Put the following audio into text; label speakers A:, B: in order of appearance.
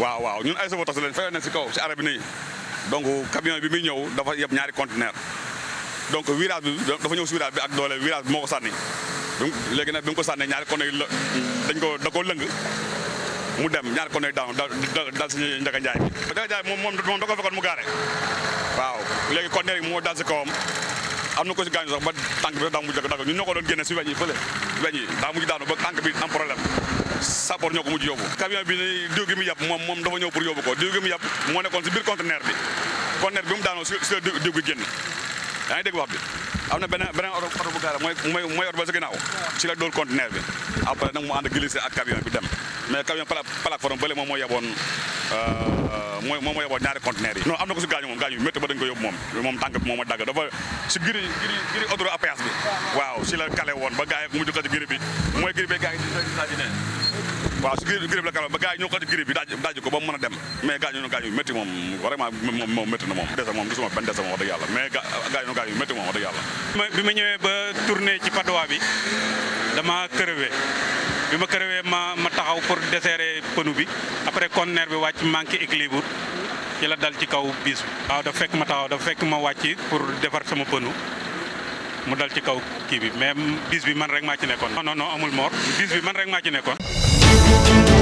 A: waaw waaw ñun ay sabotage lañ fay nañ si kaw si arabi nii donc camion bi muy ñëw dafa yeb ñaari conteneur donc virage bi dafa ñëw si virage bi ak doole virage bi moo ko sànni donc léegi nag bi nga ko sànnee ñaari conteneur yi dañ ko da koo lëng mu dem ñaari conteneur down, dal si Njaga Njaay bi Njaga Njaay moom moom da ko fekkoon mu gaare waaw léegi conteneur yi moo dal si kawam am na ko ci gaañu sax ba tànk bi daa mujj dagg dagg ñun doon génne si weñ yi fële weñ yi daa mujj daanu ba tànk bi am problème sappoor ñoo ko mujj yóbbu camion bi diw gi mu yàpp moom moom dafa ñëw pour yóbbu ko diw gi mu yàpp moo nekkoon si biir conteneur bi conteneur bi mu daanoo si si diw gi génn yaa ngi dégg wax bi am na beneen beneen oto oto bu gaara mooy mooy oto ba sa ginnaaw si la dóor conteneur bi après nag mu ànd glissé ak camion bi dem mais camion plateforme moom moo yeboon mooy moom mooy yóbboo ñaari conteneur yi no am na ko si gaañu moom gaañu bi métti ba dañ ko yóbbu moom moom tànk bi a dagg ba gars yi mu jukka si ba gars yi ko si bi daaj ba mu a dem mais gaañu no gaañu bi métti moom vraiment moom moom métti na moom dese moom gisuma
B: ma ñëwee ba tourné ci padowa bi dama crevé bi ma crewee ma ma taxaw pour desserrer pneu bi après conteneur bi wàcc manqué équilibre ci la dal ci kaw bis bi. waaw dafa fekk ma taxaw dafa fekk ma wàcc pour defar sama pneu mu dal ci kaw kii bi mais bis bi man rek maa ci nekkoon. non non non amul mort bis bi man rek maa ci nekkoon.